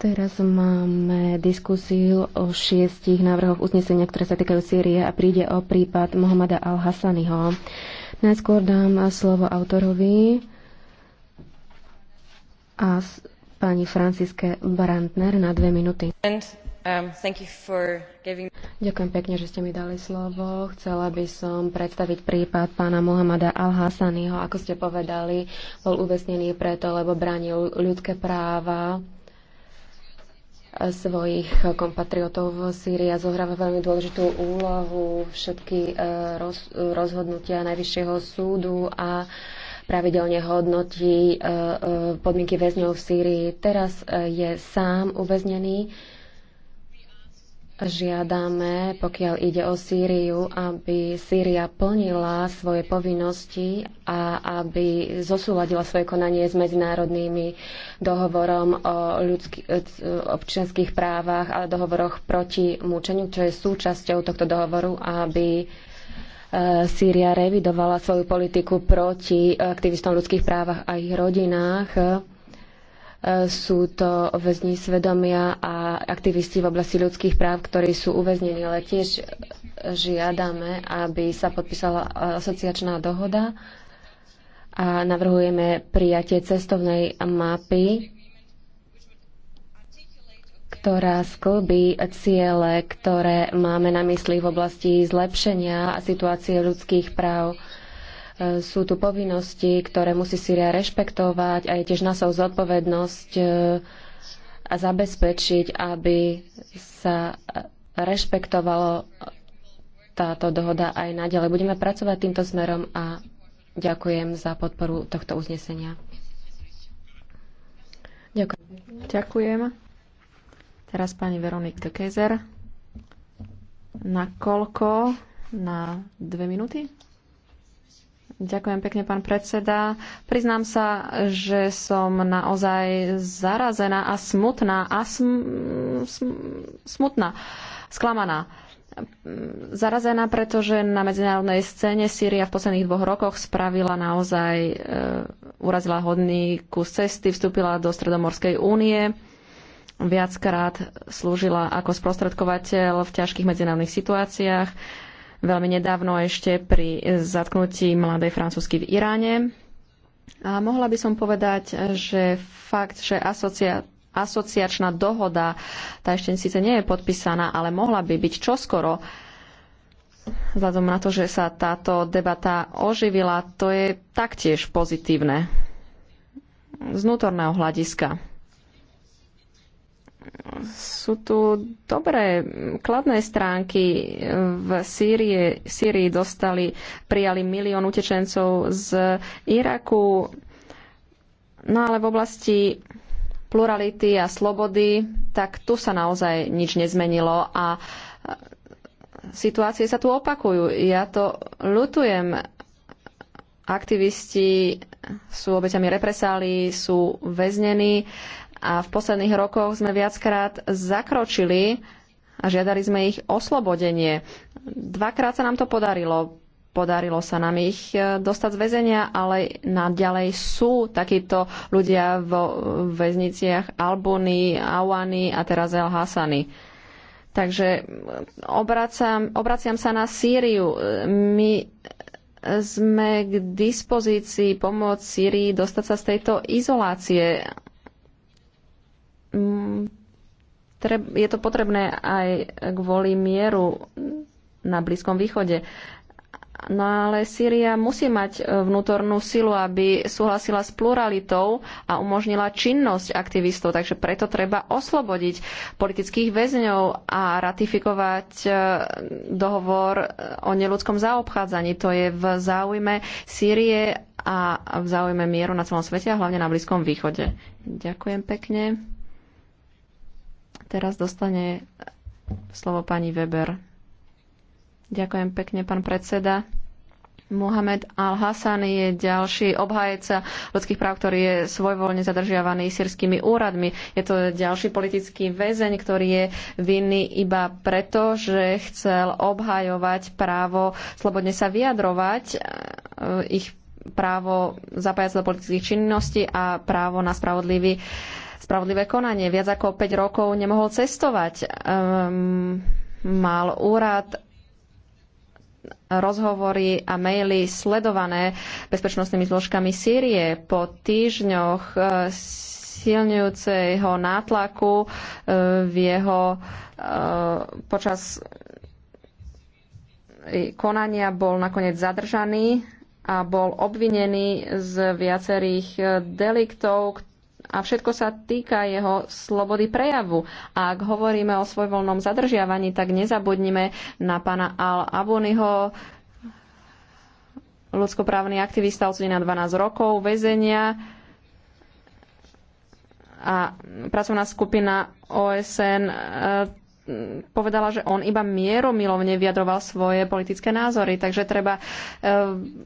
Teraz máme diskusiu o šiestich návrhoch uznesenia, ktoré sa týkajú Sýrie a príde o prípad Mohameda al-Hassaniho. Najskôr dám slovo autorovi a pani Franciske Brandner na dve minúty. Um, giving... Ďakujem pekne, že ste mi dali slovo. Chcela by som predstaviť prípad pána Mohamada Al-Hassaniho. Ako ste povedali, bol uvesnený preto, lebo bránil ľudské práva svojich kompatriotov v Sýrii a zohráva veľmi dôležitú úlohu všetky e, roz, rozhodnutia Najvyššieho súdu a pravidelne hodnotí e, e, podmienky väzňov v Sýrii. Teraz je sám uväznený Žiadame, pokiaľ ide o Sýriu, aby Sýria plnila svoje povinnosti a aby zosúladila svoje konanie s medzinárodnými dohovorom o ľudský, občianských právach a dohovoroch proti mučeniu, čo je súčasťou tohto dohovoru, aby e, Sýria revidovala svoju politiku proti e, aktivistom ľudských právach a ich rodinách sú to väzni svedomia a aktivisti v oblasti ľudských práv, ktorí sú uväznení, ale tiež žiadame, aby sa podpísala asociačná dohoda a navrhujeme prijatie cestovnej mapy ktorá sklbí ciele, ktoré máme na mysli v oblasti zlepšenia situácie ľudských práv sú tu povinnosti, ktoré musí Syria rešpektovať a je tiež nasou zodpovednosť e, a zabezpečiť, aby sa rešpektovalo táto dohoda aj naďalej. Budeme pracovať týmto smerom a ďakujem za podporu tohto uznesenia. Ďakujem. Ďakujem. Teraz pani Veronik de Kejzer. Na koľko? Na dve minúty? Ďakujem pekne, pán predseda. Priznám sa, že som naozaj zarazená a smutná a sm, sm, smutná, sklamaná. Zarazená, pretože na medzinárodnej scéne Sýria v posledných dvoch rokoch spravila naozaj, e, urazila hodný kus cesty, vstúpila do Stredomorskej únie, viackrát slúžila ako sprostredkovateľ v ťažkých medzinárodných situáciách veľmi nedávno ešte pri zatknutí mladej francúzsky v Iráne. A mohla by som povedať, že fakt, že asocia, asociačná dohoda, tá ešte síce nie je podpísaná, ale mohla by byť čoskoro, vzhľadom na to, že sa táto debata oživila, to je taktiež pozitívne z vnútorného hľadiska sú tu dobré kladné stránky. V Sýrie, Sýrii dostali, prijali milión utečencov z Iraku. No ale v oblasti plurality a slobody, tak tu sa naozaj nič nezmenilo a e, situácie sa tu opakujú. Ja to ľutujem. Aktivisti sú obeťami represálií, sú väznení a v posledných rokoch sme viackrát zakročili a žiadali sme ich oslobodenie. Dvakrát sa nám to podarilo. Podarilo sa nám ich e, dostať z väzenia, ale naďalej sú takíto ľudia vo väzniciach Albuny, Awany a teraz El Hasany. Takže e, obracam, obraciam sa na Sýriu. E, my sme k dispozícii pomôcť Sýrii dostať sa z tejto izolácie je to potrebné aj kvôli mieru na Blízkom východe. No ale Sýria musí mať vnútornú silu, aby súhlasila s pluralitou a umožnila činnosť aktivistov, takže preto treba oslobodiť politických väzňov a ratifikovať e, dohovor o neludskom zaobchádzaní. To je v záujme Sýrie a v záujme mieru na celom svete a hlavne na Blízkom východe. Ďakujem pekne. Teraz dostane slovo pani Weber. Ďakujem pekne, pán predseda. Mohamed Al-Hassan je ďalší obhajca ľudských práv, ktorý je svojvoľne zadržiavaný sírskymi úradmi. Je to ďalší politický väzeň, ktorý je vinný iba preto, že chcel obhajovať právo slobodne sa vyjadrovať, e, ich právo zapájať sa do politických činností a právo na spravodlivý spravodlivé konanie. Viac ako 5 rokov nemohol cestovať. Um, mal úrad rozhovory a maily sledované bezpečnostnými zložkami Sýrie. Po týždňoch eh, silňujúceho nátlaku eh, v jeho eh, počas konania bol nakoniec zadržaný a bol obvinený z viacerých deliktov, a všetko sa týka jeho slobody prejavu. A ak hovoríme o svojvoľnom zadržiavaní, tak nezabudnime na pána Al-Abuniho, ľudskoprávny aktivista odsudí na 12 rokov väzenia a pracovná skupina OSN eh, Mm, povedala, že on iba mieromilovne vyjadroval svoje politické názory. Takže treba e,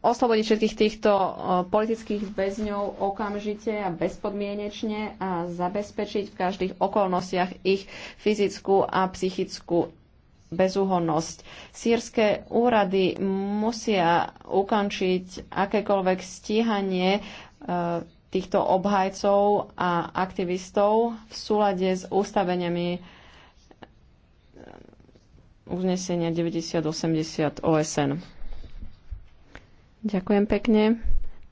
oslobodiť všetkých týchto e, politických väzňov okamžite a bezpodmienečne a zabezpečiť v každých okolnostiach ich fyzickú a psychickú bezúhonnosť. Sýrske úrady musia ukončiť akékoľvek stíhanie e, týchto obhajcov a aktivistov v súlade s ústaveniami Um, uznesenia 9080 OSN. Ďakujem pekne.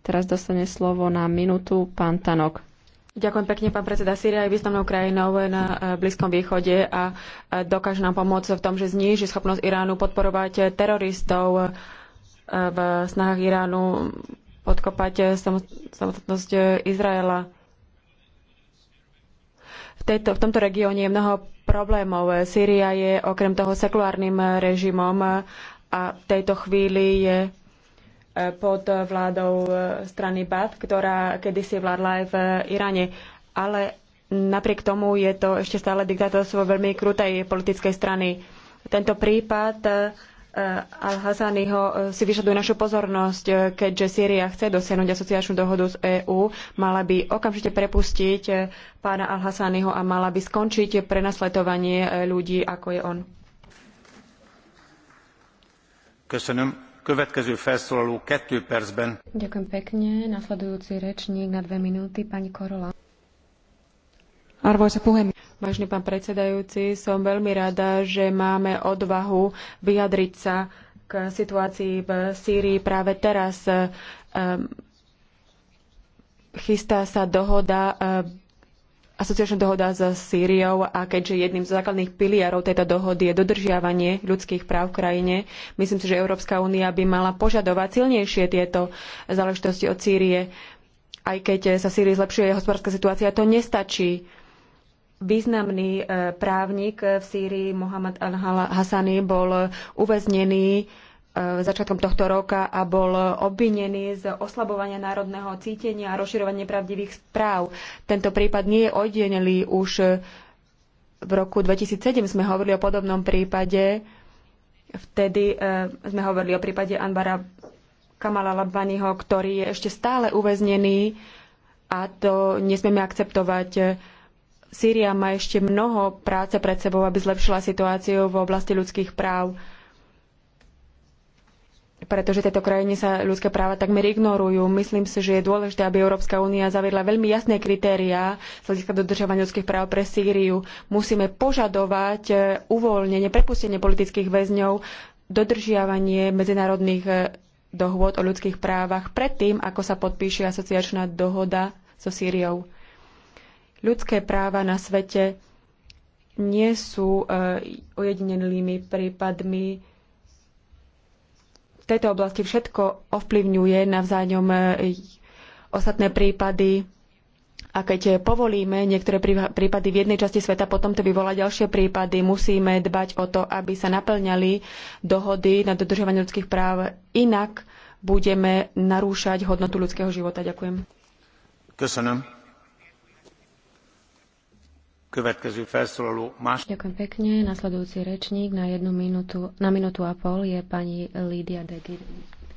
Teraz dostane slovo na minútu pán Tanok. Ďakujem pekne, pán predseda. Sýria je významnou krajinou na eh, Blízkom východe a eh, dokáže nám pomôcť v tom, že zníži schopnosť Iránu podporovať teroristov eh, v snahách Iránu podkopať samotnosť Izraela tejto, v tomto regióne je mnoho problémov. Sýria je okrem toho sekulárnym režimom a v tejto chvíli je e, pod vládou e, strany BAT, ktorá kedysi vládla aj v e, Iráne. Ale napriek tomu je to ešte stále diktátorstvo veľmi krutej politickej strany. Tento prípad Eh, Al-Hazaniho eh, si vyžaduje našu pozornosť, eh, keďže Sýria chce dosiahnuť asociačnú dohodu z EÚ, mala by okamžite prepustiť pána Al-Hazaniho a mala by skončiť prenasledovanie ľudí, ako je on. Ďakujem pekne. Nasledujúci rečník na dve minúty, pani Korola. Arvoisa puhemies. Vážny pán predsedajúci, som veľmi rada, že máme odvahu vyjadriť sa k situácii v Sýrii práve teraz. Ehm, chystá sa dohoda ehm, asociačná dohoda s Sýriou a keďže jedným z základných pilierov tejto dohody je dodržiavanie ľudských práv v krajine, myslím si, že Európska únia by mala požadovať silnejšie tieto záležitosti od Sýrie. Aj keď sa Sýrii zlepšuje hospodárska situácia, to nestačí významný e, právnik v Sýrii Mohamed al-Hassani bol uväznený e, začiatkom tohto roka a bol obvinený z oslabovania národného cítenia a rozširovania pravdivých správ. Tento prípad nie je oddenelý. Už e, v roku 2007 sme hovorili o podobnom prípade. Vtedy sme hovorili o prípade Anbara Kamala Labbaniho, ktorý je ešte stále uväznený a to nesmieme akceptovať Sýria má ešte mnoho práce pred sebou, aby zlepšila situáciu v oblasti ľudských práv, pretože tieto krajiny sa ľudské práva takmer ignorujú. Myslím si, že je dôležité, aby Európska únia zaviedla veľmi jasné kritériá z hľadiska dodržovania ľudských práv pre Sýriu. Musíme požadovať e, uvoľnenie, prepustenie politických väzňov, dodržiavanie medzinárodných e, dohôd o ľudských právach predtým, ako sa podpíše asociačná dohoda so Sýriou ľudské práva na svete nie sú eh, ojedinelými prípadmi. V tejto oblasti všetko ovplyvňuje navzájom eh, ostatné prípady. A keď eh, povolíme niektoré prípady v jednej časti sveta, potom to vyvolá ďalšie prípady. Musíme dbať o to, aby sa naplňali dohody na dodržovanie ľudských práv. Inak budeme narúšať hodnotu ľudského života. Ďakujem. Köszönöm. Ďakujem pekne. Nasledujúci rečník na jednu minútu, na minútu a pol je pani Lídia de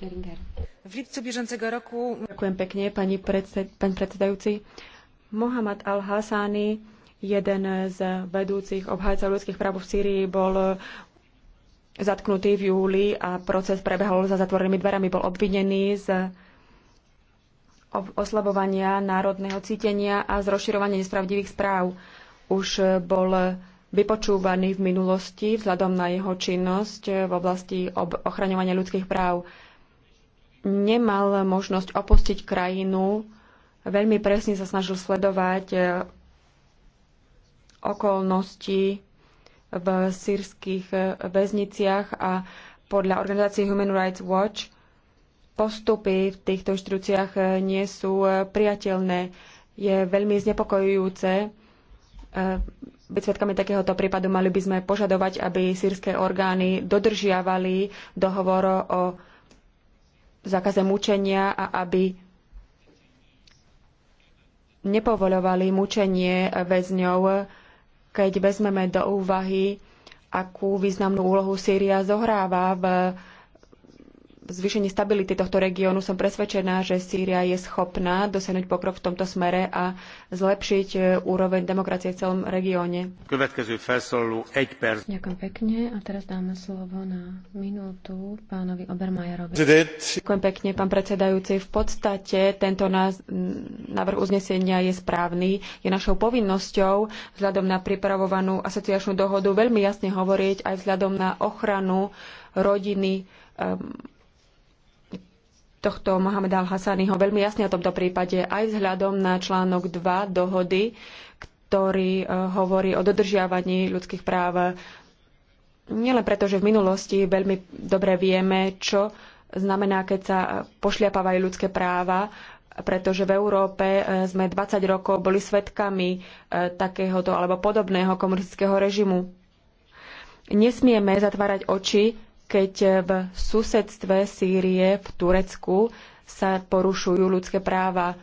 Geringer. V lipcu bieżącego roku... Ďakujem pekne, pani predsed, pán predsedajúci. Mohamed al-Hassani, jeden z vedúcich obhajcov ľudských práv v Sýrii, bol zatknutý v júli a proces prebehol za zatvorenými dverami. Bol obvinený z oslabovania národného cítenia a z rozširovania nespravdivých správ už bol vypočúvaný v minulosti vzhľadom na jeho činnosť v oblasti ochraňovania ľudských práv. Nemal možnosť opustiť krajinu, veľmi presne sa snažil sledovať eh, okolnosti v sírskych eh, väzniciach a podľa organizácie Human Rights Watch postupy v týchto inštitúciách eh, nie sú priateľné. Je veľmi znepokojujúce, Eh, byť svetkami takéhoto prípadu, mali by sme požadovať, aby sírske orgány dodržiavali dohovor o zákaze mučenia a aby nepovoľovali mučenie väzňov, keď vezmeme do úvahy, akú významnú úlohu Sýria zohráva v zvýšení stability tohto regiónu som presvedčená, že Sýria je schopná dosiahnuť pokrok v tomto smere a zlepšiť e, úroveň demokracie v celom regióne. Ďakujem pekne a teraz dáme slovo na minútu pánovi Obermajerovi. Ďakujem pekne, pán predsedajúci. V podstate tento návrh uznesenia je správny. Je našou povinnosťou vzhľadom na pripravovanú asociačnú dohodu veľmi jasne hovoriť aj vzhľadom na ochranu rodiny um, tohto Mohameda al Hassaniho veľmi jasne o tomto prípade aj vzhľadom na článok 2 dohody, ktorý e, hovorí o dodržiavaní ľudských práv. Nielen preto, že v minulosti veľmi dobre vieme, čo znamená, keď sa pošliapávajú ľudské práva, pretože v Európe e, sme 20 rokov boli svetkami e, takéhoto alebo podobného komunistického režimu. Nesmieme zatvárať oči keď v susedstve Sýrie, v Turecku, sa porušujú ľudské práva.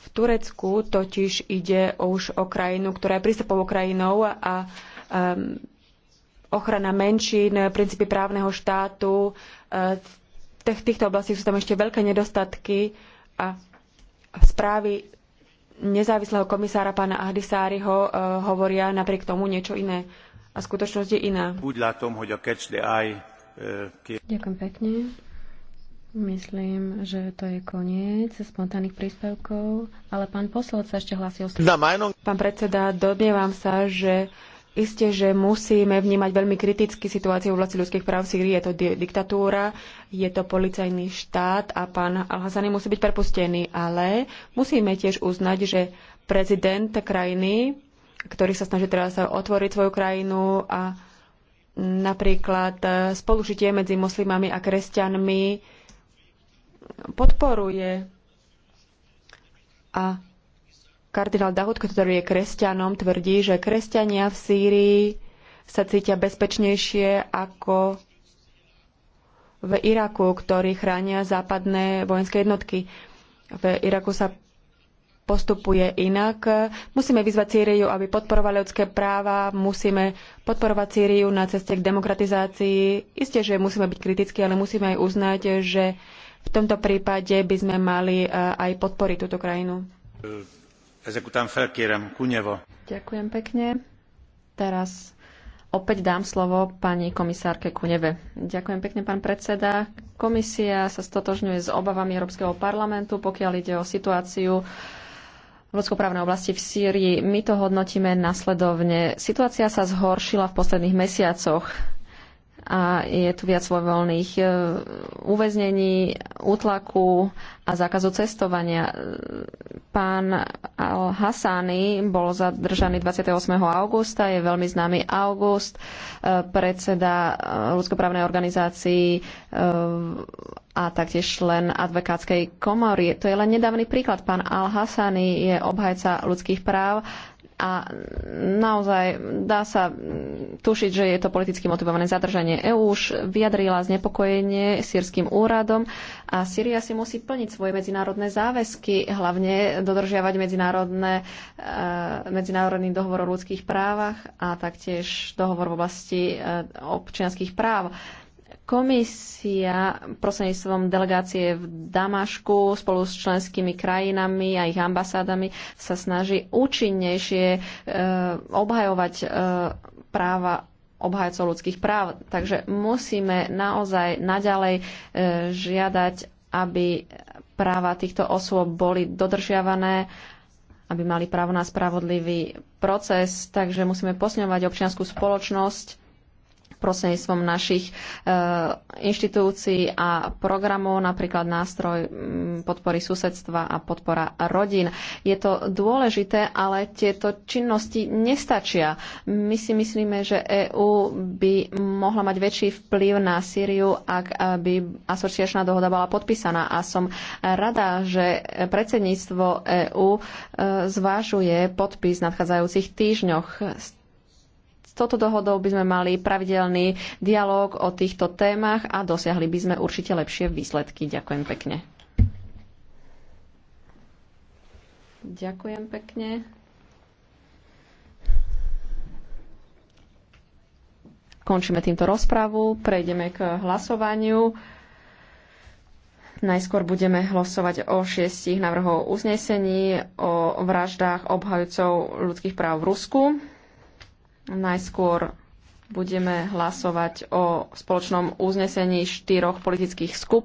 V Turecku totiž ide už o krajinu, ktorá je prístupovou krajinou a um, ochrana menšín, princípy právneho štátu. Eh, v týchto oblastiach sú tam ešte veľké nedostatky a správy nezávislého komisára pána Ahdisáriho eh, hovoria napriek tomu niečo iné a skutočnosť je iná. Ďakujem pekne. Myslím, že to je koniec spontánnych príspevkov, ale pán poslov sa ešte hlásil. Pán predseda, domnievam sa, že isté, že musíme vnímať veľmi kriticky situáciu v oblasti ľudských práv v Syrii. Je to di- diktatúra, je to policajný štát a pán al hazani musí byť prepustený, ale musíme tiež uznať, že prezident krajiny ktorý sa snaží teraz otvoriť svoju krajinu a napríklad e, spolužitie medzi moslimami a kresťanmi podporuje a kardinál Dahud, ktorý je kresťanom, tvrdí, že kresťania v Sýrii sa cítia bezpečnejšie ako v Iraku, ktorý chránia západné vojenské jednotky. V Iraku sa postupuje inak. Musíme vyzvať Sýriu, aby podporovala ľudské práva, musíme podporovať Sýriu na ceste k demokratizácii. Isté, že musíme byť kritickí, ale musíme aj uznať, že v tomto prípade by sme mali e, aj podporiť túto krajinu. Ďakujem pekne. Teraz opäť dám slovo pani komisárke Kuneve. Ďakujem pekne, pán predseda. Komisia sa stotožňuje s obavami Európskeho parlamentu, pokiaľ ide o situáciu ľudskoprávnej oblasti v Sýrii. My to hodnotíme nasledovne. Situácia sa zhoršila v posledných mesiacoch a je tu viac voľných e, uväznení, útlaku a zákazu cestovania. Pán Al-Hassani bol zadržaný 28. augusta, je veľmi známy august, e, predseda e, ľudskoprávnej organizácii a taktiež len advokátskej komory. To je len nedávny príklad. Pán Al-Hassani je obhajca ľudských práv a naozaj dá sa tušiť, že je to politicky motivované zadržanie. EU už vyjadrila znepokojenie sírským úradom a Sýria si musí plniť svoje medzinárodné záväzky, hlavne dodržiavať medzinárodné, eh, medzinárodný dohovor o ľudských právach a taktiež dohovor v oblasti eh, občianských práv Komisia prostredníctvom delegácie v Damašku spolu s členskými krajinami a ich ambasádami sa snaží účinnejšie e, obhajovať e, práva obhajcov ľudských práv. Takže musíme naozaj naďalej e, žiadať, aby práva týchto osôb boli dodržiavané aby mali právo na spravodlivý proces, takže musíme posňovať občianskú spoločnosť prostredníctvom našich eh, inštitúcií a programov, napríklad nástroj mm, podpory susedstva a podpora rodín. Je to dôležité, ale tieto činnosti nestačia. My si myslíme, že EÚ by mohla mať väčší vplyv na Sýriu, ak eh, by asociačná dohoda bola podpísaná. A som rada, že predsedníctvo EÚ eh, zvážuje podpis v nadchádzajúcich týždňoch touto dohodou by sme mali pravidelný dialog o týchto témach a dosiahli by sme určite lepšie výsledky. Ďakujem pekne. Ďakujem pekne. Končíme týmto rozpravu, prejdeme k hlasovaniu. Najskôr budeme hlasovať o šiestich návrhov uznesení o vraždách obhajcov ľudských práv v Rusku. Najskôr budeme hlasovať o spoločnom uznesení štyroch politických skupín.